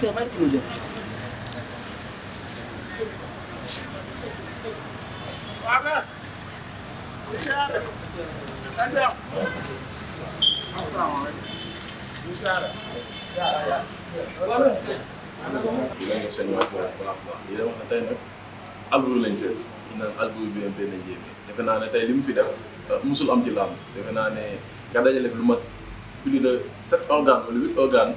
Sœur maa ngi tudd alburu lañ seet si ñu naan alburu bi na jéeme defe naa ne tey li mu fi def musul am ci làmb defe naa ne nga dajale lu mat plus de sept organes wala huit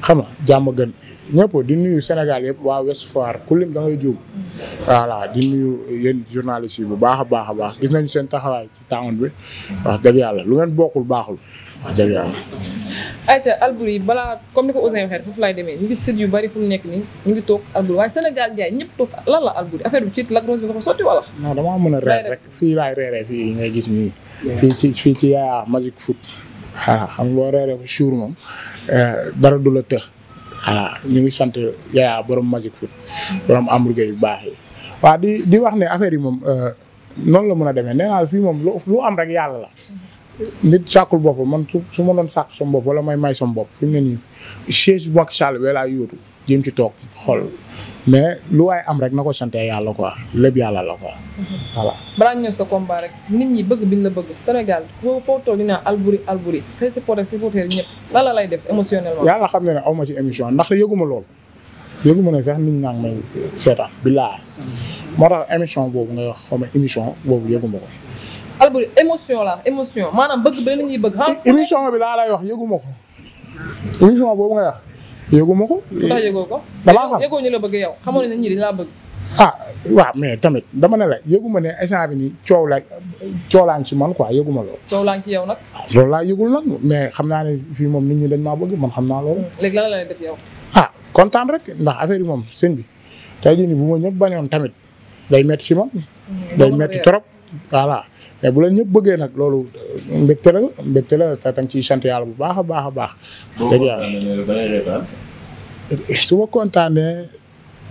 xam nga jàmm gën ñëpp di nuyu Sénégal yëpp waa West Foire ku lim da ngay juum voilà di nuyu yéen journalistes yi bu baax a baax a baax gis nañu seen taxawaay ci tàngoon bi wax dëgg yàlla lu ngeen bokkul baaxul wax dëgg yàlla. ayca Alboury balaa comme ni laay demee ñu ngi yu bari mu nekk nii ñu ngi toog Alboury waaye Sénégal jaay ñëpp toog lan la Alboury affaire bi ci Lac Rose bi nga ko sotti wala. damaa mën a reer rek fii laay reeree fii ngay gis nii. fii ci fii ci Yaya Magic Foot. waaw xam nga reeree ko suur Eh, dara du la të voilà ñu ngi sant Yaya borom Magic Foot borom hamburger yu baax yi. waaw di di wax ne affaire yi moom eh, noonu la mun a demee nee naa fii moom lu am rek yàlla la. nit sàkkul boppam man su su ma doon sàkk sama bopp wala may may sama bopp fi mu ne nii siège bu Macky bee laa yóotu jéem ci toog xool mais lu waaye am rek na ko sante la quoi voilà. balaa ñëw sa combat rek nit ñi bëgg biñ la bëgg Sénégal foo foo toog ñu naan Alboury Alboury say supporter supporter ñëpp lan la lay def émotionnellement. yàlla xam ne ne aw ma ci émission ndax yëguma lool yëguma ne sax nit ñaa ngi may seetaan billaahi moo tax émission boobu nga wax xaw ma émission boobu yëguma ko. Alboury émotion la émotion maanaam bëgg ba nit ñi bëgg. Ah. émission bi laa lay wax ko émission boobu nga wax. yëgu ko. yëgoo ko damaa ñu la bëgg yow xamoon nañ ñi dañ laa bëgg. ah waaw mais tamit dama ne la yëgu ma ne instant bi nii coow la coolaan ci man ko yëgu ma loolu. coolaan ci yow nag. Ah, loolu laa yëgul nag mais xam naa ne fii moom nit ñu dañ ma bëgg man xam naa loolu. Hmm, léegi lan la lay def yow. ah kontaan rek ndax affaire yi moom sëñ bi tey jii nii bu ma ñëpp bañoon tamit day métti ci man. Hmm, day métti trop voilà. mais bu la ñëpp bëggee nag loolu euh, mbégte la mbégte la te tam ciy sant yàlla bu baax a baax a baax. dëgg yàlla su ma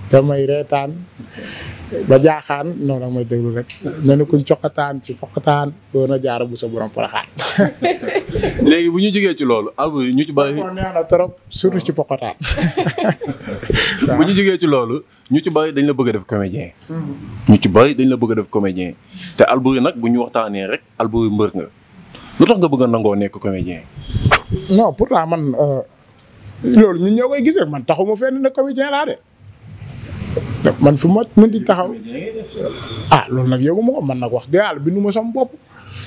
damay reetaan ba jaaxaan noonu nag may déglu rek mel ni kuñ coqataan ci foqataan a jaara bu sa borom paraxaan léegi bu ñu jógee ci loolu albu ñu ci bari nee ci poqataan ñu jógee ci loolu ñu ci bari dañ la bëgg def comédien mm-hmm. ñu ci bari dañ la bëgg def comédien te Alboury nag bu ñu waxtaanee rek Alboury mbër nga lu tax nga bëgg a nangoo nekk comédien non pourtant man euh, loolu ñu ñëw koy gis man taxuma fenn ne comédien laa de man fu ma mën di taxaw ah loolu nag yëgu ma man nag wax dëgg bi nu ma sama bopp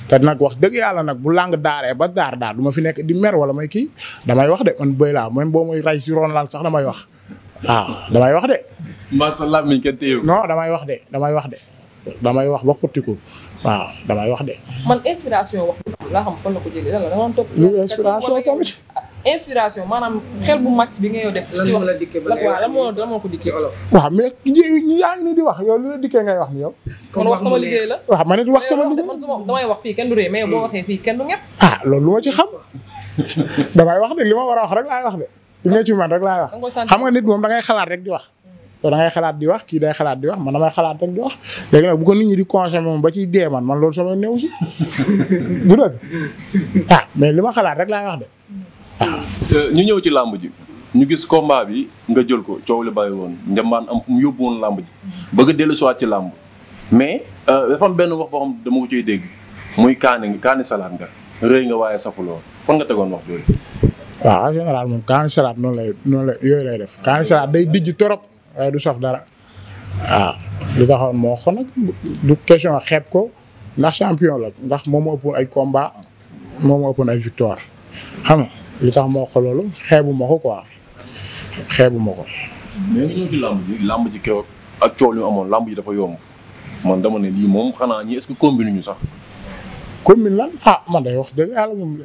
te nag wax dëgg yàlla nag bu lang daaree ba daar daar du ma fi nekk di mer wala may kii damay wax de man bëy laa même boo may ray si ron laal sax damay wax waaw damay wax de. mbaa sa làmmiñ damay wax de damay wax de damay wax ba xottiku waaw damay wax de. man inspiration tamit. inspiration maanaam xel mag bi nga yow def. lan moo la dikkee ba ngay wax lan dikkee olof. waaw mais ñi yaa nii di wax yow lu la dikkee ngay wax ni yow. kon wax sama liggéey la. wax sama liggéey wax fii kenn du ree mais hmm. kenn du ñett. ah loolu lu ma ci xam damay wax de li war a wax rek laay wax de li nga ci man rek laay wax. xam nga nit moom da ngay xalaat rek di wax. yow da ngay xalaat di wax kii day xalaat di wax man damay xalaat rek di wax léegi nag bu ko nit ñi di consommer moom ba ciy dee man man loolu sama néew si du dëgg ah mais li ma xalaat rek laay wax de. Euh, ñu ñëw ci làmb ji ñu gis combat bi nga jël ko coow li bàyyi woon njambaan am fu mu yóbbu woon làmb ji bëgg a dellu siwaat ci làmb mais euh, dafa benn wax boo xam dama ko cay dégg muy kaani kaani salaat nga rëy nga waaye safuloo fan nga tegoon wax jooju waaw en général moom kaani salaat noonu lay yooyu lay def kaani salaat day dijj torop waaye du saf dara waaw li taxoon moo xon du question xeeb ko ndax champion la ndax moom moo ëppoon ay combat moom moo ëppoon ay victoire lu tax ma wax loolu xeebu ma ko quoi xeebu ma ko. mais nga ñëw ci làmb ji làmb ji dafa yomb man dama ne lii moom xanaa ñi est-ce que combine ñu sax. combine lan ah man day wax dëgg yàlla moom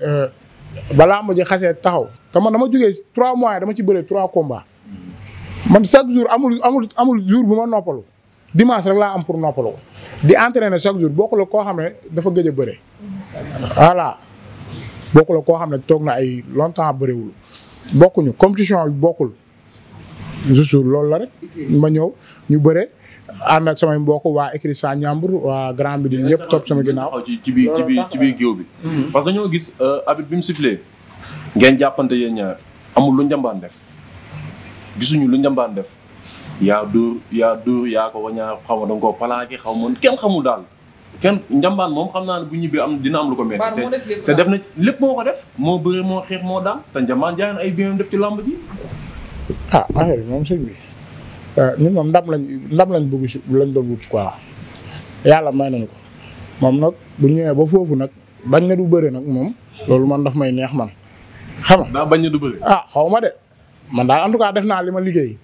ba làmb ji xasee taxaw te man dama jógee trois mois dama ci bëree trois combats man chaque jour amul amul amul jour bu ma noppalu dimanche rek laa am pour noppalu ko di entraîner chaque jour bokkul ak koo xam ne dafa gëj a bëre voilà. bokkul la koo xam ne toog na ay longtemps bëriwul bokkuñu compétition bi bokkul juste loolu la rek ma ñëw ñu bëre ànd ak samay mbokk waa écrit sa ñambur waa grand bi di ñëpp topp sama ginnaaw ci biir géew bi mhm. parce que dañoo gis euh, arbitre bi mu sifflé ngeen jàppante yéen ñaar amul lu njambaan def gisuñu lu njambaan def yaa dóor yaa dóor yaa ko wañaa xaw ma danga xaw ma kenn xamul daal kenn njambaan moom xam naa ne bu ñibbee am dina am lu ko metti te def na lépp moo ko def moo bëri moo xeex moo daan te njambaan jaay na ay biiram def ci làmb ji ah, bi moom sëñ bi moom ndam lañ ndam lañ bëgg lañ doon wut quoi yàlla may nañu moom nag bu ñëwee ba foofu nag bañ na du bëri nag moom loolu man daf may neex man xam nga daa bañ na du bëri a ah, xaw ma de man daal en tout cas def naa li ma liggéey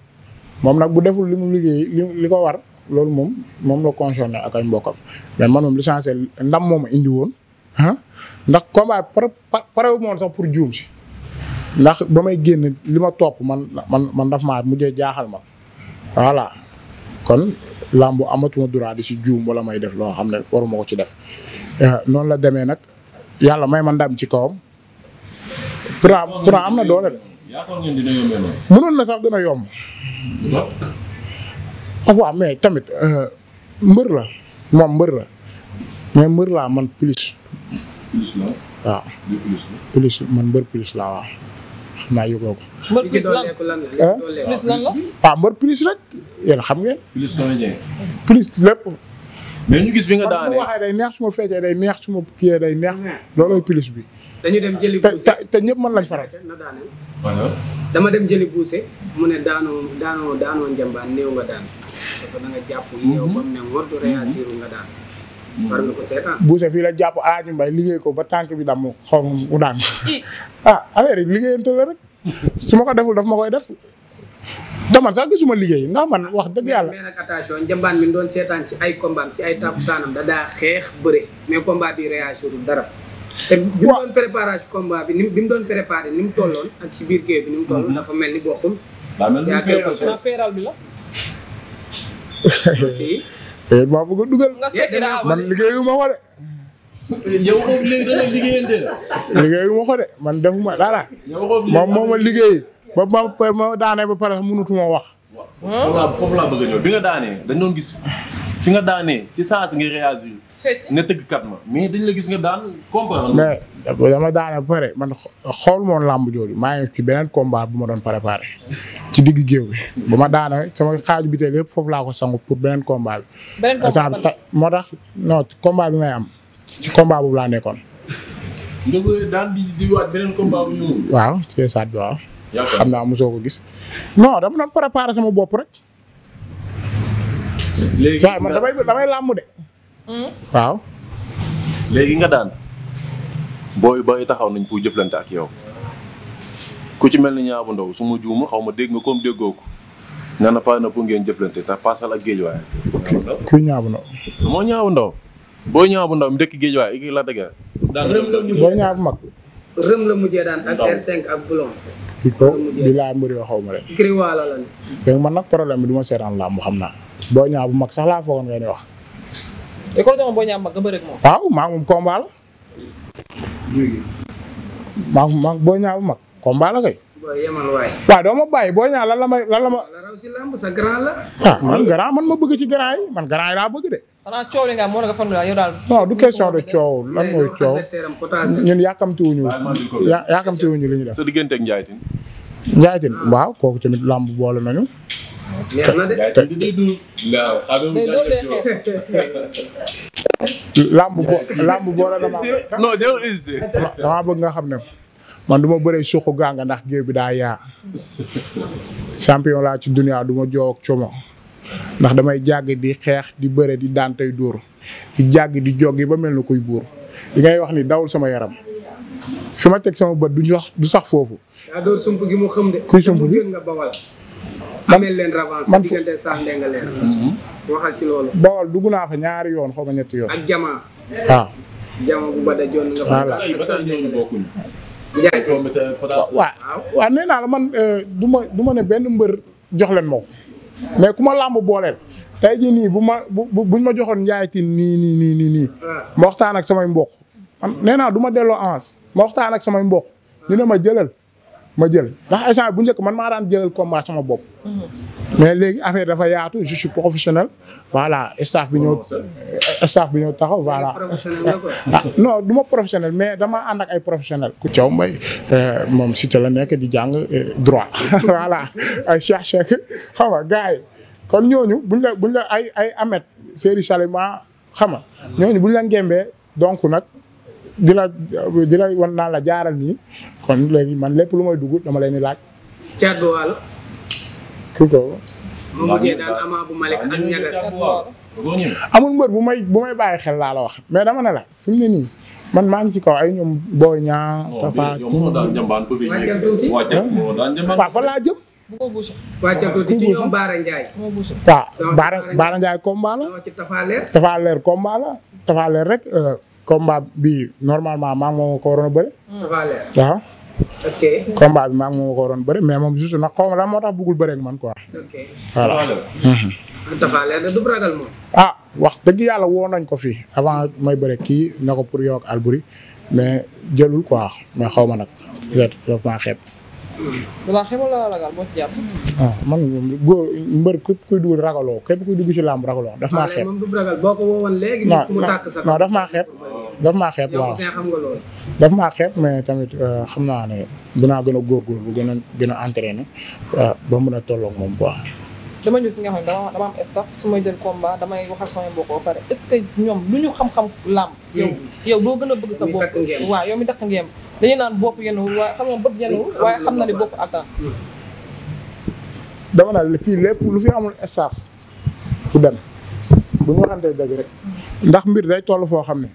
moom nag bu deful li mu liggéey li li ko war loolu moom moom la concerné ak ay mbokkam mais man moom l'essentiel ndam moom indi woon ah, ndax combat pare parewu moon sax pour juum si ndax ba may génn li ma topp man man man daf maa jaaxal ma voilà kon làmbu amatuma droit di si juum wala may def loo xam ne waruma ko ci def eh, noonu la demee nag yàlla may ma ndam ci kawam pourtant pourtant am na doole de mënoon na sax gën a yomb ak ah, waa mais tamit euh, mbër la moom mbër la mais mbër laa man plus. plus la waaw. plus man mbër plus laa waaw. xam naa yëgoo ko. mbër plus lan ah, plus lan xam ngeen. plus plus lépp. mais ñu gis bi nga daanee neex su ma feetee neex su ma kiyee day neex loolooy plus bi. dañu dem jëli ñëpp mën lañ faral. dama dem jëli buuse mu ne daanoo daanoo njambaan néew nga daan. parce que jàpp yow ba mu ne war du nga daan. war fii la jàpp aaju mbay liggéey ko ba tànk bi damm xaw ma mu daan ah ma ko deful daf ma koy def. te man sax gisuma liggéey nga man wax dëgg yàlla. mais nag attention njambaan bi doon seetaan ci ay combat ci ay taabu saanam da daa xeex bëre mais combat bi réagirul dara. te bi mu doon préparé combat bi bi mu doon préparé ni mu tolloon ak si biir bi ni mu tolloon mm-hmm. dafa mel ni bokkul. daa mel ni péeral e bi la. Eh, maa bëgg a dugal. man liggéeyu ma ko de. yow moom léegi ma ko de man defuma dara. moom moo ma liggéey ba ma ma daanee ba pare mënutuma wax. foofu laa bëgg a ñëw bi nga daanee dañ doon gis fi nga daanee ci saa si nga réagir. ne tëggkat ma mais dañ la gis nga daan comprendre. mais dama pare man xool moon làmb jooju maa ngi ci beneen bu ma doon préparé. ci digg géew bi. ma daane sama xaaju bi tey lépp foofu laa ko sangu pour beneen combat bi. beneen combat moo tax non combat bi may am ci combat boobu laa nekkoon. nga daan di di waat beneen combat waaw ci saat bi waaw. xam naa mosoo ko gis. non dama doon préparé sama bopp rek. léegi damay damay de. waaw. léegi nga daan booy booy taxaw nañ pour jëflante ak yow ku ci mel ni ñaabu ndaw su ma juumu xaw ma dégg nga comme déggoo ko nee na pare na pour ngeen jëflante te paasal ak géej waaye. kuy ñaabu ndaw. moo ñaabu ndaw booy ñaabu ndaw mu dëkk géej waaye kii la dëgg. daan booy ñaabu mag. rëm la mujjee daan ak R5 ak boulon. di ko di laa xaw ma rek. kii man nag problème bi du ma seetaan làmb xam naa. boo ñaabu mag sax laa foogoon ngeen di wax. ko la joxoon boo waaw maa moom combat boo ñaaw mag combat kay. waaw doo ma bàyyi boo ñaaw lan la ma lan la ma. ah man grand man ma bëgg ci grand yi man grand yi laa bëgg de. la ko fan yow du question de coow lan mooy coow ñun yàkkamtiwuñu yàkkamtiwuñu li ñu def. sa diggante ak Ndiaye Tine. Ndiaye waaw kooku tamit làmb boole nañu. neex na de lamb bo lamb bëgg nga xam ne man du ma bëree suqu gànga ndax géew bi daa yaa. champion laa ci dunia duma ma joo ndax damay jàgg di xeex di bëre di daan tey dóor di jàgg di joggi ba mel na kuy buur di ngay wax ni dawul sama yaram fi ma teg sama bët du sax foofu. kuy sump bi amel leen revanche man Bawol dugg naa fa ñaari yoon xaw ñetti yoon. ak jamaa. waaw. jamaa waaw waaw la man euh, du ma du ma ne benn mbër jox leen moom mais ku ma làmb booleel te jii nii bu ma buñ ma joxoon Ndiaye Tine nii nii nii nii nii ah. ma waxtaan ak samay mbokk man nee naa du ma delloo avance ma waxtaan ak samay mbokk ñu ne ma jëlal. ma jël ndax instant bu njëkk man maa daan jëlal combat sama bopp. Mhm. mais léegi affaire dafa yaatu je professionnel. voilà staff bi ñëw staff bi ñëw taxaw voilà. Ah, non du ma professionnel mais dama ànd ak ay professionnel ku Thiaw Mbaye moom cité la nekk di jàng eh, droit voilà ay Cheikh Cheikh xam nga kon ñooñu buñ la ay ay Ahmed Seri Salima xam nga ñooñu buñ la ngembee donc nag. di wan naa la jaaral nii kon léegi man lépp lu may dugg dama leen di laaj. Thierno bu Malick ak Ñagas. mbër bu may bu xel laa la wax mais dama ne la fi ne nii man maa ngi ci kaw ay ñoom boo ñaa tafa waaw Baara Ndiaye. waaw Baara Baara Ndiaye combat la. rek. Euh, combat bi normalement maa ngi moom ko waroon a bëri. Hmm. waaw. ok combat bi maa ngi moom ko waroon a bëri mais moom juste na xaw ma moo tax bëggul bëri ak man quoi. ok voilà. Mhm. du ragal moom. ah wax dëgg yàlla woo nañ ko fi avant may bari kii na ko pour yook ak Alboury mais jëlul quoi mais xaw ma nag. peut-être xeeb. balaa xamal laa ragal moo ci jàpp. waaw ah, man góor mbër képp kuy dugg ragaloo képp kuy dugg ci làmb ragaloo daf maa ah, xeeb. waaw moom du daf maa xeeb. daf maa xeeb mais tamit euh, xam naa ne dinaa gën a góorgóorlu gën a gën a entraîné euh, ba mën a tolloog moom quoi. dama ñëw ci nga dama dama am staff su may jël combat damay wax ak sama mbokk ba pare est que ñoom lu ñu xam-xam làmb. yow hmm. yow doo gën a bëgg sa bopp. waa yow mi dàq ngeem dañuy naan bopp yenuwul waaye xam nga bët yenuwul waaye na ne bopp attan. dama naan fii lépp lu fi amul staff bu dem bu ñu waxantee dëgg rek ndax mbir day toll foo xam ne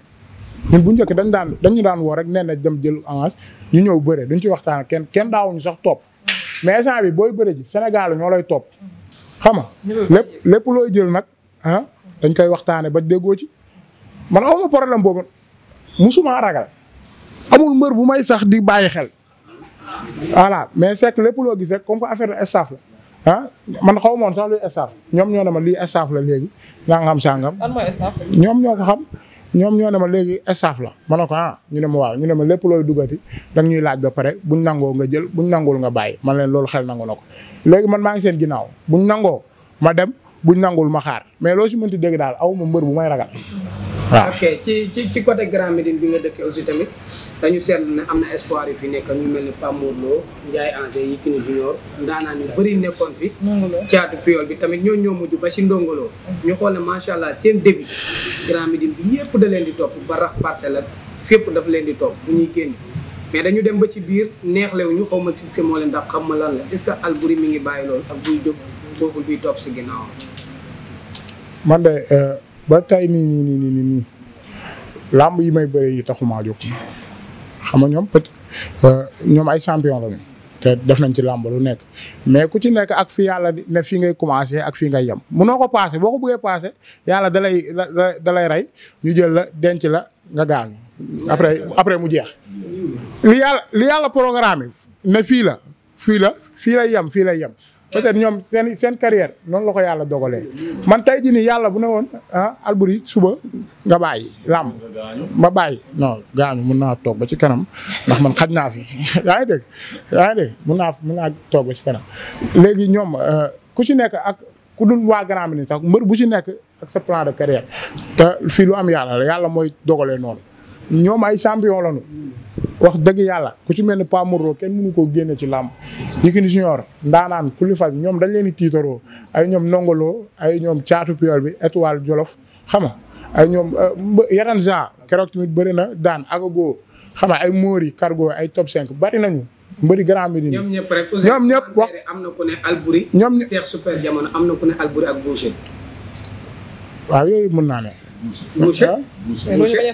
ñun bu njëkk dañ daan dañu daan woo rek nee na dem jël avance ñu ñëw bëre duñ ci waxtaan kenn kenn daawuñu sax topp mais instant bi booy bëre ji Sénégal ñoo lay topp xam nga lépp lépp looy jël nag ah, dañ koy waxtaane ba déggoo ci man awma problème boobu musuma ragal. amul mbër bu may sax di bàyyi xel voilà mais fekk lépp loo gis rek comme que affaire de staff la ah man xaw moon sax luy staff ñoom ñoo ne ma lii staff la léegi nangam sangam. lan mooy staff ñoom ñoo ko xam ñoom ñoo ne ma léegi staff la ma ne ah ñu ne ma waaw ñu ne ma lépp looy duggati da ñuy laaj ba pare buñ nangoo nga jël buñ nangul nga bàyyi man leen loolu xel nangu na ko. léegi man maa ngi seen ginnaaw buñ nangoo ma dem buñ nangul ma xaar mais loo ci mënti dégg daal aw ma mbër bu may ragal. waaw ok ci ci ci côté Grand Médine bi nga dëkkee aussi tamit dañu seetlu ne am na espoir yu fi nekk ñu mel ni Pape Mor Lo Ndiaye Angé Yékini Junior ndaanaan yu bëri nekkoon fi caatu piyool bi tamit ñoo ñoo mujj ba si ndongoloo ñu xool ne macha allah seen début Grand bi yëpp da leen di topp ba rax parcelle ak fépp dafa leen di topp ñuy génn mais dañu dem ba ci biir neexlewu ñu xaw ma succès moo leen ndax xam lan la est mi ngi bàyyi lool ak buy jóg bokkul biy topp si ginnaaw man de euh, ba tey nii nii nii nii nii làmb yi may bëre yi taxumaa jóg xam nga ñoom peut euh, ñoom ay champion la te def nañ ci làmb lu nekk mais ku ci nekk ak fi yàlla ne fii ngay commencé ak fii ngay yem munoo ko passé boo ko bëggee passé yàlla da lay da lay rey ñu jël la denc la nga gaañu après mu jeex. li yàlla li yàlla programme ne fii la fii la fii lay yem fii lay yem. peut ñoom seen seen carrière noonu la ko yàlla dogalee man tey jii nii yàlla bu ne woon ah Alboury suba nga bàyyi làmb ma bàyyi non gaañu mun naa toog ba ci kanam ndax man xaj naa fi yaa ngi dégg yaa mun naa mun naa toog ci kanam léegi ñoom euh, ku ci nekk ak ku dul waa Grand Médine sax mbër bu ci nekk ak sa plan de carrière te fii lu am yàlla la yàlla mooy dogalee noonu ñoom ay champion lañu wax dëgg yàlla ku ci mel ni Pa Morro kenn mënu koo génne ci làmb Yékini Junior ndaanaan kulifa bi ñoom dañ leen di tiitaroo ay ñoom nongoloo ay ñoom caatu piol bi étoile jolof xam nga ay ñoom euh, yaran genre keroog tamit bëri na daan agago xam nga ay Mori cargo ay top 5 bari nañu mbëri grand Médine ñoom ñëpp rek ñoom ñëpp wax am na ku Jamono am na yooyu mën naa ne boucher boucher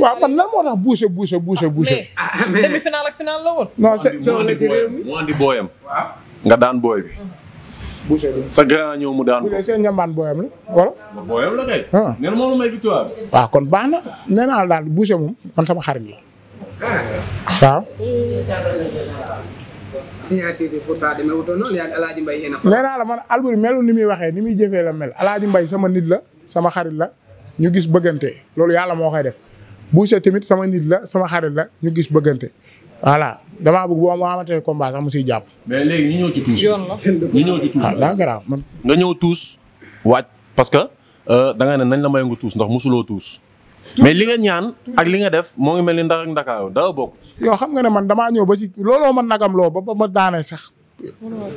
waaw daan booy bi. boucher ñëw mu daan ko. seen ah. kon baax na nee naa la daal boucher moom man sama xarit la. waaw. signature bi pourtant demee wutoon la man Alboury melu ni muy waxee ni muy jëfee la mel Alaaji Mbaye sama nit la sama xarit la. ñu gis bëggante loolu yàlla moo koy def Boucher tamit sama nit la sama xarit la ñu gis bëggante voilà damaa bëgg boo ma amatee combat sax mu jàpp. mais la ñu ah, man. nga ñëw tuus waaj parce que euh, da nga ne nañ la may tuus ndax musuloo tuus. mais li nga ñaan ak li nga def moo ngi mel ni ndar ak ndakaaru dara bokk. yow xam nga ne man damaa ñëw ba ci looloo ma nagam loo ba ba ma daanee sax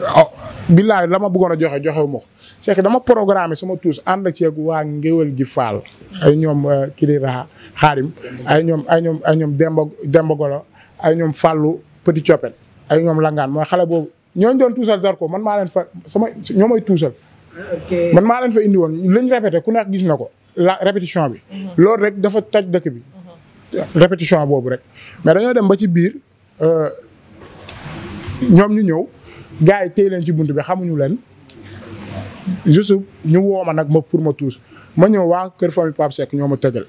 ah billaay la ma bëggoon a joxe joxe wu ma ko dama programme sama tuus ànd ceeg waa ngéwal gi faal ay ñoom euh, Kirira Xaarim ay ñoom ay ñoom ay ñoom Demba Demba Golo ay ñoom Fallou Petit Coppet ay ñoom Langaan mooy xale boobu ñooñu doon tuusal man maa leen fa sama ñoo may man maa leen fa indi woon liñ répété ku nekk gis na ko la répétition bi. Mhm. loolu rek dafa taj dëkk bi. Mhm. répétition boobu rek mais dañoo dem ba ci biir euh, ñoom ñu ñëw. gars yi téye leen ci bunt bi xamuñu leen juste ñu woo ma nag ma pour ma tuus ma ñëw waa kër famille Pape Seck ñoo ma tëgal.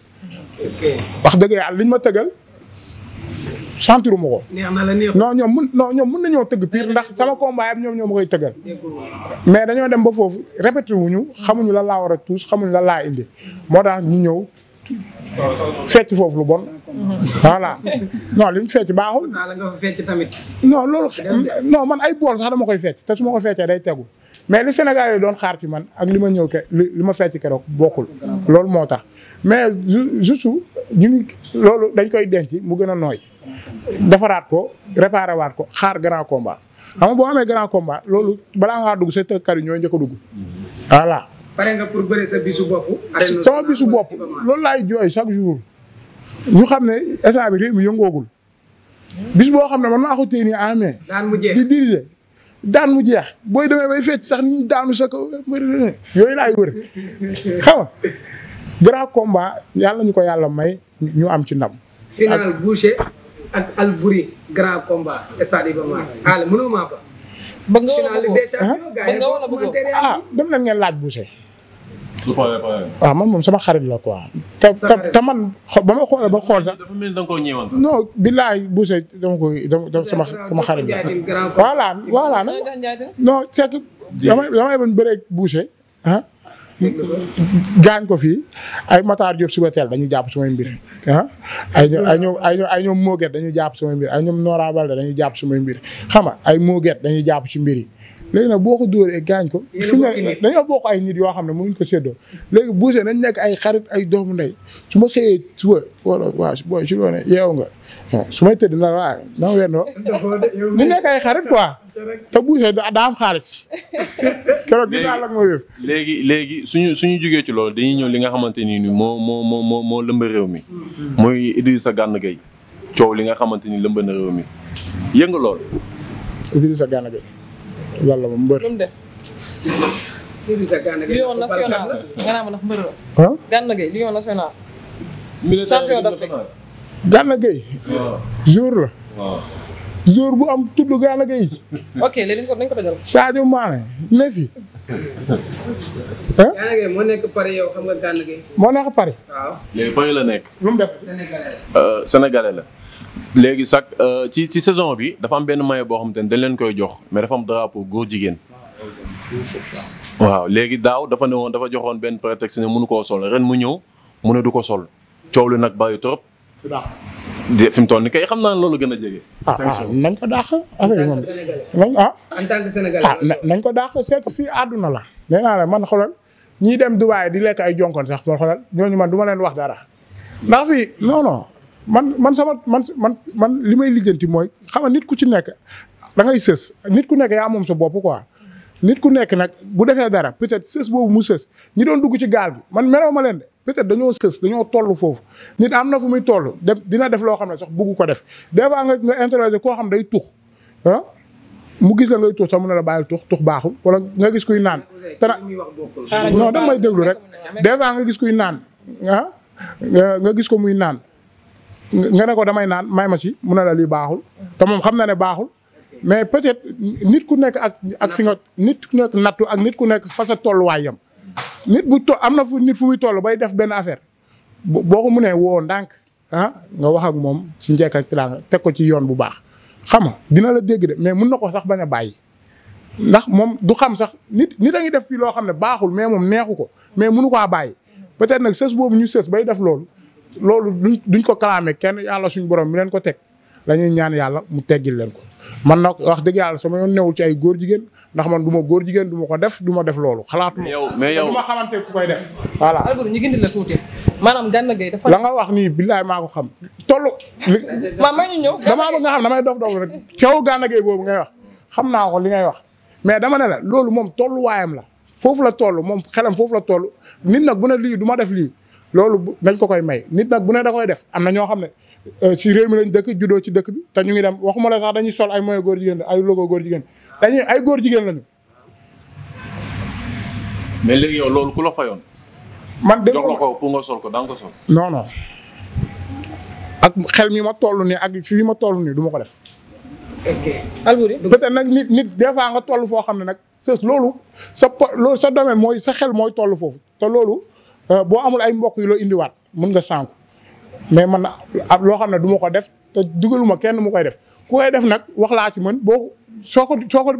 wax dëgg yàlla liñ ma tëgal santiru mu ko. non ñoom mun non ñoom mun nañoo tëgg piir ndax sama combat yi ñoom ñoo ma koy tëgal. mais dañoo dem ba foofu wu ñu xamuñu la laa war a tuus xamuñu la laa indi moo tax ñu ñëw. fecc foofu lu bon. voilà non li mu fecc baaxul. nga fecc tamit. non loolu man ay bool sax dama koy fecc te su ma ko feccee day tegu mais li Sénégal doon xaar ci man ak li ma ñëw ke li ma fecc keroog bokkul. loolu moo tax mais juste ñu loolu dañ koy denc mu gën a nooy. defaraat ko réparé waat ko xaar grand combat xam nga boo amee grand combat loolu balaa ngaa dugg sa tëkkat yi ñooy njëkk a dugg voilà. pare nga pour bëre sa bisu bopp. sama bisu bopp loolu laay jooy chaque jour. ñu xam ne état bi réew mi yëngoogul. bis boo xam ne man maa ko téye nii en mu jeex di diriger. daan mu jeex booy demee bay fecc sax nit ñi daanu sa kaw yooyu laay wër xam nga. grand combat yàlla ñu ko yàlla may ñu am ci ndam. final Boucher ak Albouri grand combat stade Iba Mar Alla mënoo maa ba. ba nga wala bëggoon ba nga wala bëggoon ah dem leen ngeen laaj Boucher. waaw ah, man moom sama xarit la ko te te man ba ma xoolee ba xool sax. dafa mel da nga koo ñëwante. non billaay Bousse dama koy dama sama sama xarit la. voilà voilà. non c'est que damay damay doon bëreeg Bousse ah. gaañ ko fii ay Matar Diop suba teel dañuy jàpp sumay mbir ah ay ay ñoom ay ñoom ay ñoom Moget dañuy jàpp sumay mbir ay ñoom Nora Balde dañuy jàpp sumay mbir xam nga ay Moget dañuy jàpp si mbir yi. léegi nag boo ko dóoree gaañ ko fi mu ne dañoo ay nit yoo xam ne mënuñ ko séddoo léegi buuse nañ nekk ay xarit ay doomu ndey su ma xëyee suba wala waaw booy nga waaw su may tëdd na waaw dama wennoo ñu ay xarit quoi te buuse daa am xaalis keroog gi léegi léegi suñu suñu jógee ci loolu dañuy ñëw li nga xamante nii ni moo moo moo lëmba réew mi mooy mm-hmm. sa Gana Gueye coow li nga xamante ni lëmba na réew mi yënga loolu Idrissa Gana Gueye lan la moom mbër. lion national Gana Gueye lion national. champion d'Afrique. Gana Gueye. jour la. jour bu am tudd Gana Gueye. ok léegi ko dañ ko dajal. moo nekk Paris yow xam moo nekk Paris. waaw. la nekk. lu def. Sénégalais la. Euh, la. léegi sax euh, ci ci saison bi dafa am benn maillot boo xam te ne dañ leen koy jox mais dafa am drapeau góor jigéen. Ah, waaw léegi daaw dafa ne woon dafa joxoon benn prétexte ne mënu koo sol ren mu ñëw mu ne du ko sol coow li nag bari trop. fi mu toll ni kay xam naa loolu gën a jege. ah ah nañ ko dàq affaire ah, moom moom ah. tant que sénégalais ah nañ ko dàq c'est que fii àdduna la. nee naa la man xoolal ñiy dem Dubaay di lekk ay jonkon sax man xoolal ñooñu man du ma leen wax dara ndax fii non man man sama man man man li may lijjanti mooy xam nga nit ku ci nekk da ngay sës nit ku nekk yaa moom sa bopp quoi. nit ku nekk nag bu defee dara peut-être sës boobu mu sës ñi doon dugg ci gaal bi man merew ma leen de peut-être dañoo sës dañoo tollu foofu nit am na fu muy toll dem dina def loo xam ne sax buggu ko def des fois nga nga interroger koo xam day tux ah mu gis la ngay tux sax mu na la bàyyil tux tux baaxul wala nga gis kuy naan te na non danga may déglu rek des fois nga gis kuy naan ah nga gis ko muy naan nga ne ko damay naan may ma si mu ne la lii baaxul te moom xam na ne baaxul mais peut-être nit ku nekk ak ak fi nit ku nekk nattu ak nit ku nekk fa sa tolluwaayam nit bu to am na fu nit fu muy toll bay def benn affaire boo ko munee woo ndànk ah nga wax ak moom ci njëkk ak teraanga teg ko ci yoon bu baax xam dina la dégg de mais mun na ko sax bañ a bàyyi ndax moom du xam sax nit nit a ngi def fii loo xam ne baaxul mais moom neexu ko mais munu ko bàyyi peut-être nag sës boobu ñu sës bay def loolu loolu duñ duñ ko clamé kenn yàlla suñu borom mi leen ko teg la ñuy ñaan yàlla mu teggil leen ko. man nag wax dëgg yàlla sama yoon newul ci ay góor jigéen ndax man du ma góor jigéen du ma ko def du ma def loolu xalaatuma. mais yow mais yow du ma xamante ku koy def. voilà Alboury ñu gindi la tuuti maanaam Gana la nga wax nii billaay maa ko xam. tollu ma ma ñu ñëw. damaa bëgg nga xam damay dof dof rek coow gaana Gueye boobu ngay wax xam naa ko li ngay wax mais dama ne la loolu moom tolluwaayam la foofu la toll moom xelam foofu la toll nit nag bu ne lii du ma def lii loolu dañ ko koy may nit nag bu ne da koy def am na ñoo xam ne euh, si réew mi lañ dëkk juddoo ci dëkk bi te ñu ngi dem waxuma la sax dañuy sol ay moyen góor jigéen ay logo góor jigéen dañuy ay góor jigéen lañu. mais léegi yow loolu ku la fayoon. man sol ko da nga ko ak xel mi ma toll nii ak fii ma toll nii du ko def. ok Alboury nag nit nit des fois nga toll foo xam ne nag sa loolu sa po sa domaine mooy sa xel mooy toll foofu te loolu. Euh, boo amul ay mbokk yu loo indiwaat mën nga sànku mais man ab ah, loo xam ne duma ko def te dugaluma kenn mu koy def ku koy def nag wax laa ci mën boo soo ko soo ko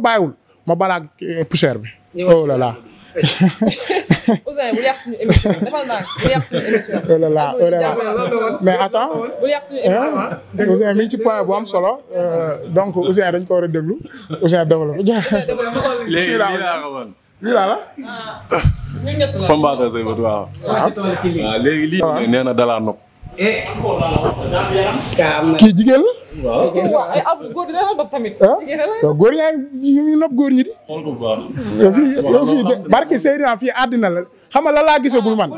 ma balaa eh, poussière bi. oh là là. Ouzin oh oh mais attends. bul yàq suñu émission. ci point bu am solo. Euh, donc Ouzin dañ ko war a déglu Ouzin développé. léegi lii laa la. Fambaaka Seye waaw. waaw ah. ah, léegi lii nee na dalaa nopp. Eh. kii jigéen la. waaw tamit. Ah? góor ngi nopp góor ñi di. yow fii yow fii àddina la xam nga la laa gisagul man.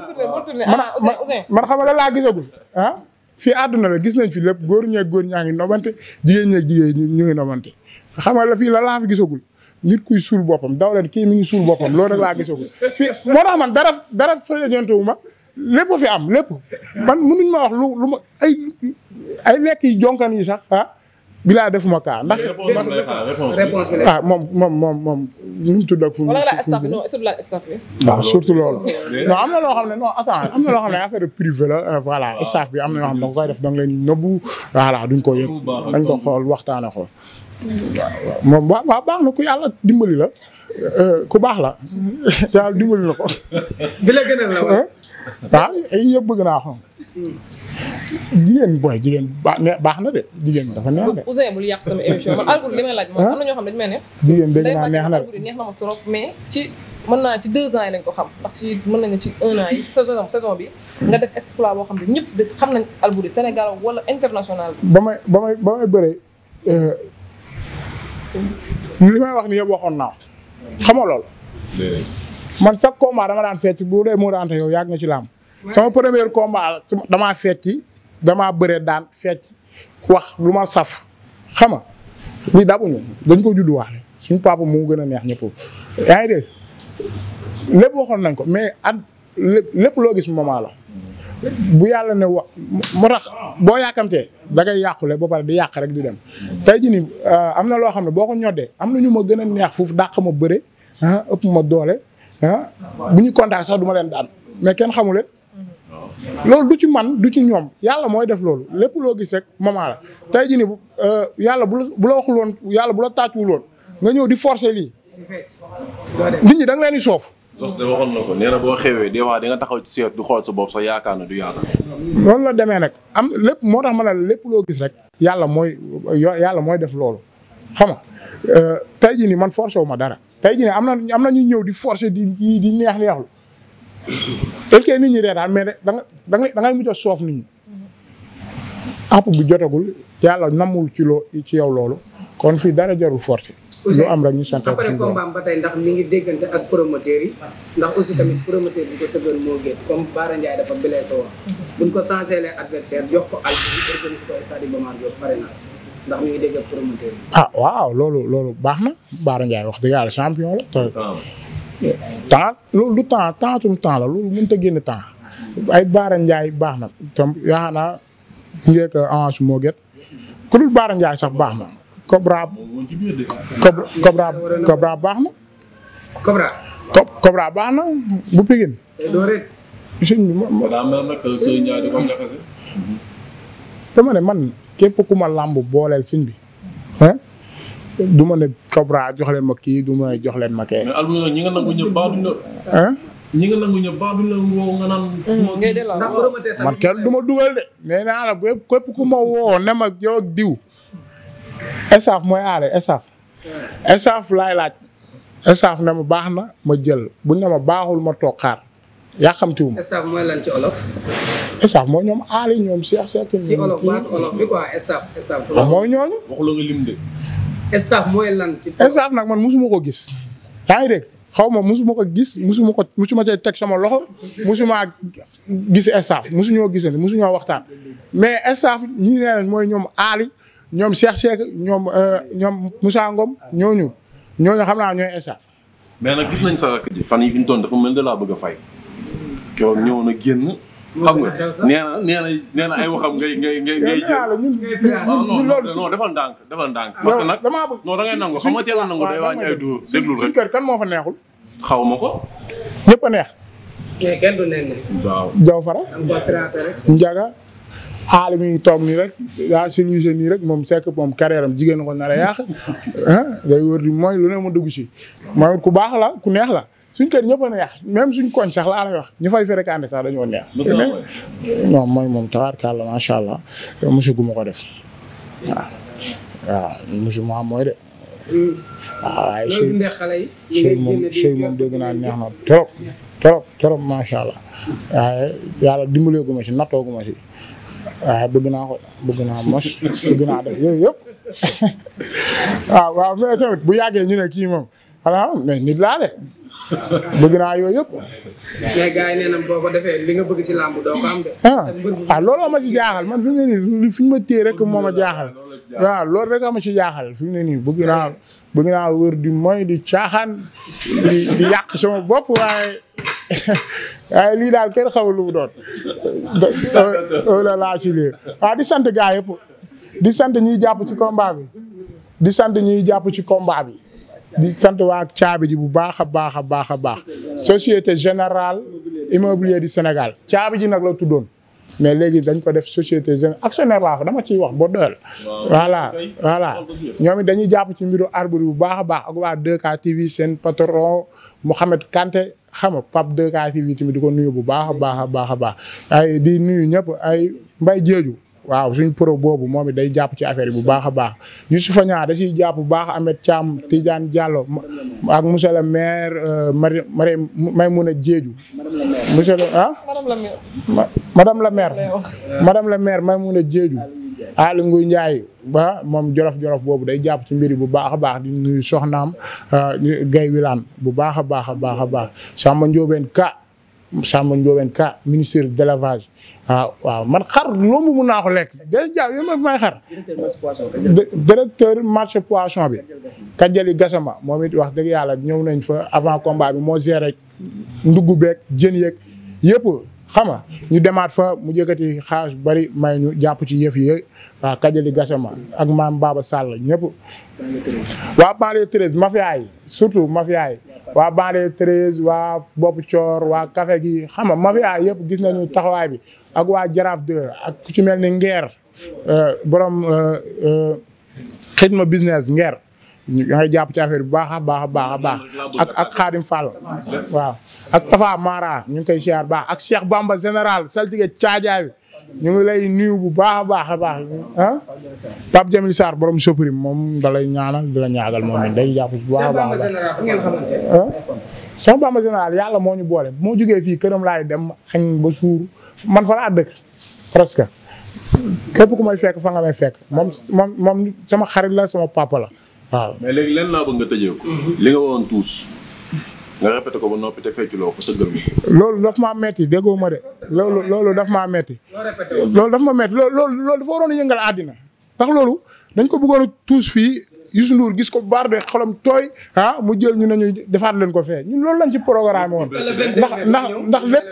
man man xam nga fii àdduna la gis nañ fi lépp góor ñee góor ñaa ngi nobante jigéen ñeeg jigéen ñu ngi nobante xam la fii la laa fi gisagul. nit kuy suul boppam daw leen kii mi ngi suul boppam loolu rek laa gisoo ko fii moo tax man dara dara wu ma lépp fi am lépp man mënuñ ma wax lu lu ma ay ay lekk yi jonkan yi ah, bilaa defuma kaa ndax. réponse bi ah moom moom moom moom nu mu tudd ak. fu mu waaw surtout loolu. non am na loo xam ne non attends am loo xam ne affaire privé la euh, voilà bi am na ñoo xam ne da nga koy def da nga leen nëbbu voilà duñ ko yëg dañ ko xool waxtaanee xool. moom waa waa baax na ku yàlla dimbali la euh, ku baax la yàlla dimbali na ko. bi la gënal la waaw. waaw yëpp bëgg naa xam. jigéen booy jigéen baax na de jigéen dafa neex de. Ouzin bul émission man Alboury li may laaj mooy am na ñoo xam dañu mel neex na de neex na ma trop mais ci mën naa ci deux ans yi lañ ko xam ndax ci mën nañu ci un an yi saison bi. nga def exploit boo xam ne ñëpp xam nañ Alboury Sénégal wala international. ba may ba may ba may bëre. Euh, li may wax ni yëpp waxoon naa xam nga loolu. man chaque combat dama daan fecc bu dee Modou Anta yow yàgg nga ci làmb. sama premier combat damaa fecci damaa bëree daan fecc wax lu ma saf xam nga lii dabuñu dañ ko judduwaale suñ papa moo gën a neex ñëpp yaa ngi dégg lépp waxoon nañ ko mais at lépp loo gis moment la. bu yàlla ne wax moo tax boo yàkkamtee da yàqule ba pare di yàq rek di dem. tey jii nii euh, am na loo xam ne boo ko ñoddee am na ñu ma gën a neex foofu dàq ma bëre ah ëpp ma doole ah bu ñu contact sax du ma leen daan mais kenn xamu leen loolu du ci man du ci ñoom yàlla mooy def loolu lépp loo gis rek moment la tey ji nii euh, yàlla bu la bu la waxul woon yàlla bu la tàccuwul woon nga ñëw di forcer lii. nit ñi da nga leen di soof. Zoss de waxoon na ko nee na boo xewee des fois di taxaw seet du xool sa bopp sa yaakaar ne du yaakaar. noonu la demee nag am lépp moo tax ma lépp loo gis rek. yàlla mooy yàlla mooy def loolu xam nga euh, tey jii nii man forcé wu ma dara. tey jii nii am na am na ñu ñëw di forcé di di di neex neexlu est nit ñi reetaan mais da nga da nga da ngay mujj a soof nit ñi. app bi jotagul yàlla namul ci loo ci yow loolu kon fii dara jarul forcé lu am rek ñu sant après mi ngi ko tëggoon moo gën comme adversaire jox ko albi na ndax ah, loolu baax na Bara Ndiaye wax dëgg yàlla champion la te temps loolu du temps génn temps ay Bara Ndiaye baax na tam yaakaar naa ngee ku dul Bara Ndiaye sax baax na Cobra. Cobra Cobra baax na. Cobra. baax na bu Pikine. sëñ bi ma ma. Euh, ne man képp ku ma làmb boole sëñ bi. du ma ne Cobra jox leen ma kii du ma ne jox leen ma kee. mais albume ñi nga nangu ñëpp baaduñ naan. Mm. ngay man kenn du ma dugal ku ma woo ne ma yow diw. esaaf mooy aare esaaf. esaaf laay laaj. esaaf ne ma baax na ma jël bu ne ma baaxul ma toog xaar yàqamtiwuma. esaaf mooy lan ci olof. esaaf mooy ñoom aali ñoom Cheikh Seck. ci ah, ñooñu. waxu nag man mosuma ko gis. yaa dégg xaw ma mosuma ko gis mosuma ko mosuma cee teg sama loxo mosuma gis esaaf mosuñoo gisante mosuñoo waxtaan mais esaaf ñii nee mooy ñoom aali. ñoom Cheikh Seck ñoom euh, ñoom Moussa Ngom ñooñu ñooñu xam naa ñooy staff. mais nag gis nañ sa rakk ji fan yi fi ñu doon dafa mel ni bëgg a fay. keroog na nga nee nee na nee na ay waxam ngay ngay ngay ngay jël non non defal ndànk ndànk parce nag non da ngay nangu xam nga teel a nangu day wàññi ay dóor déglul rek suñ kër kan moo fa neexul xaw ma ko ñëpp a neex mais fa du njaga xaaral mi ngi toog nii rek daa siliise rek moom seek moom carrière jigéen na ko nar a yàq mooy lu ne ma dugg si. mooy ku baax la ku neex la suñ kër ñëpp a neex même suñ koñ sax laa lay wax ñu fay fréquenté sax dañoo neex. moom mooy moom tabaarkalla macha allah mosu gu ma ko def waaw waaw ma mooy de. waaw waaye sëy sëy moom sëy moom dégg naa neex na trop trop trop macha allah waaye yàlla dimbalee gu ma si nattoo gu si. waaw bëgg naa ko bëgg naa mos bëgg def yooyu yëpp ah, waaw waaw tamit bu yàggee ñu ne kii moom xanaa mais nit laa de bëgg naa yooyu yëpp. mais gars de. Ah, ah looloo ma si jaaxal man fi ne nii fi ma téye rek moo ma jaaxal waaw loolu rek a ma si jaaxal fi mu ne nii bëgg naa bëgg naa wër di moy di caaxaan di di yàq sama waaye. waaye eh, lii daal kenn xaw lu doon. la euh, laa ci lii waaw di sant gaa yëpp di sant ñuy jàpp ci combat bi di sant ñuy jàpp ci combat bi di sant waa caabi ji bu baax a baax a baax a baax Société Générale Immobilier du Sénégal caabi ji nag la tuddoon. mais léegi dañ ko def société jeune actionnaire laa ko dama ciy wax ba doyal. voilà voilà ñoom dañuy jàpp ci mbiru arbre bu baax a baax ak waa 2 TV seen patron Mouhamed Kanté xam nga Pape 2K TV tamit di ko nuyu bu baax a baax a baax a baax ay di nuyu ñëpp ay mbay jeeju waaw suñ pro boobu moom it day jàpp ci affaire yi bu baax a baax Youssoufa Niang da siy jàpp bu baax Ahmed Thiam Tidiane Diallo ak monsieur le maire euh, Mari Mari Maymouna Diédhiou. monsieur le ah. madame la maire. madame la maire Maymouna Diédhiou Aly Ngouille Ndiaye ba moom jolof jolof boobu day jàpp ci mbiri bu baax a baax di nuyu euh, gay wilaan bu baax a baax a baax a baax Samba Ndiobène Ka Samba Ndiobène Ka ministre de l'élevage ah, waaw man xar lomb mun naa ko lekk day jàpp yo ma may xar directeur marché poisson bi ka Kajali Gassama moom it wax dëgg yàlla ñëw nañ fa avant combat bi moo géré ndugg beeg jën yeeg yëpp xam nga ñu demaat fa mu jëkkati xaalis bari may ñu jàpp ci yëf yi waa Kajali Gassama ak maam Baba Sall ñëpp. waa banlieue treize mafia yi surtout mafia yi waa banlieue treize waa bopp coor waa café gi xam nga mafia yëpp gis nañu taxawaay bi ak waa Jaraaf 2 ak ku ci mel ni Nguer euh, borom xidma euh, euh, business Nguer. ñu jàpp ci affaire bu baax a baax baax a baax ak ak Xaadim Fall waaw ak Tafa Mara ñu ngi koy siyaar baax ak Cheikh Bamba général saltige caajaay ñu ngi lay nuyu bu baax a baax a baax ah Pape Jamil Sarr borom sopri moom da lay di la ñaagal moom it day jàpp bu baax a baax ah Cheikh yàlla moo ñu boole moo jógee fii këram laay dem añ ba suur man fa laa dëkk presque képp ku may fekk fa nga fekk moom moom moom sama xarit la sama papa la waaw mais léegi lenn laa bëgg nga tëjee ko. Mhm. li nga waxoon tuus. nga répété ko ba noppi te fecculoo ko loolu daf maa metti déggoo ma de loolu loolu daf maa metti loolu daf ma metti loolu loolu dafa waroon a yëngal àddina ndax loolu dañ ko bëggoon a tuus fii. Youssou Ndour gis ko baar de xolam tooy ah mu jël ñu ne ñu defaat leen ko fee ñun loolu lañ ci programme woon. ndax ndax ndax lépp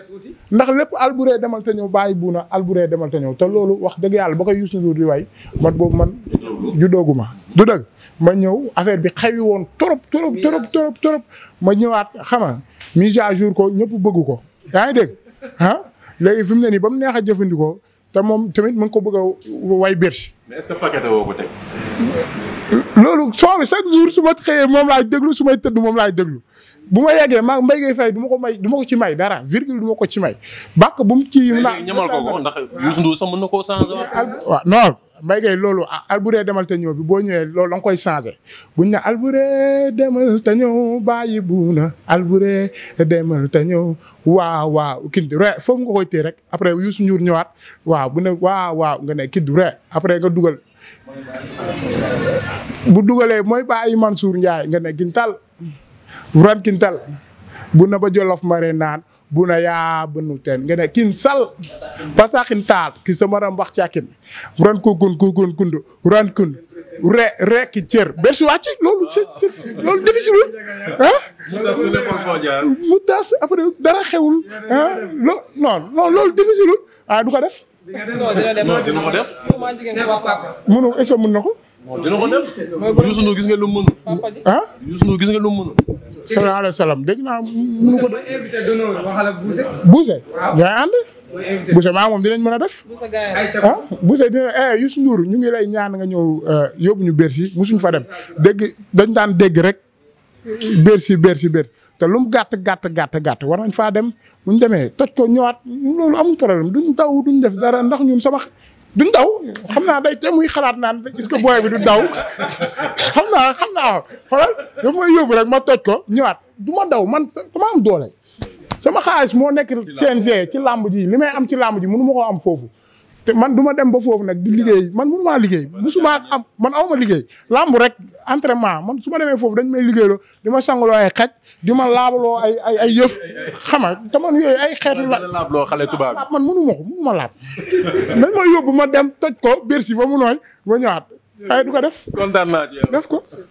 ndax lépp alburee demal ta ñëw bàyyi buuna alburee demal ta ñëw te loolu wax dëgg yàlla ba koy Youssou Ndour di way man boobu man. juddoogu ma du dëgg. ma ñëw affaire bi xewi woon trop trop trop trop trop ma ñëwaat xam nga mise à jour ko ñëpp bëggu ko yaa ngi dégg ah léegi fi mu ne nii ba mu neex a jëfandikoo te moom tamit mu ngi ko bëgg a way birch. mais est-ce que chaque jour su ma xëyee moom laay déglu su may tëdd moom laay déglu bu ma yeggee maa mbay ngay fay du ma ko may du ma ko ci may dara virgule du ma ko ci may bàq bu mu ci. na ñamal ndax Youssou mën na koo changer. waaw non. Mbaye Gueye loolu ah, Alboury demal te ñëw bi boo ñëwee loolu da nga koy changé buñ ne Alboury demal te ñëw bàyyi buuna Alboury demal te ñëw waaw waaw kiddu re foofu nga koy téye rek après Youssou Ndour ñëwaat waaw bu ne waaw waaw nga ne kiddu re après nga dugal bu dugalee mooy bàyyi Mansour Ndiaye nga ne gintal ran gintal bu na ba jolof mare naan buna yaa bunu ten ngene kin sal pasakin taat ki samaram wax cakin ran kukun kukun kundu ran kun re rek cër bersi wàcc loolu ci loolu difficile mu tas après dara xewul loolu difficile wul ah def dina ko def na ko dina ko def Youssou gis nga lu mu mën. ah Youssou Ndour gis nga lu mu mën. sallallahu alayhi naa mënu ko def. Bousse. ngay ànd. Bousse maa moom dinañ mën a def. ah Bousse dina eh, Youssou Ndour ñu ngi lay ñaan nga ñëw eh, yóbbu ñu Bercy musuñ fa dem dégg dañ daan dégg rek Bercy Bercy Bercy te lu mu gàtt gàtt gàtt gàtt war nañ faa dem bu ñu demee toj ko ñëwaat loolu am amul problème duñ daw duñ def dara ndax ñun sama du daw xam naa day te muy xalaat naan est-ce que booy bi du daw xam naa xam naa xoolal dafa may yóbbu rek ma toj ko ñëwaat du ma daw man ma am doole. sama xaalis moo nekk CNG ci làmb ji li may am ci làmb ji mënu ma koo am foofu. te man duma dem ba foofu nag di liggéey man mënu maa liggéey musuma am man awma liggéey làmb rek entraînement man su ma demee foofu dañ may liggéeyloo di ma sangaloo ay xaj di ma laabaloo ay ay ay yëf xam nga te man yooyu ay xeetu la laabloo xale tubaab man mënu ma ko mënu ma laab dañ ma yóbbu ma dem toj ko Bercy ba mu nooy ma ñëwaat ay du ko def kontaan naa def ko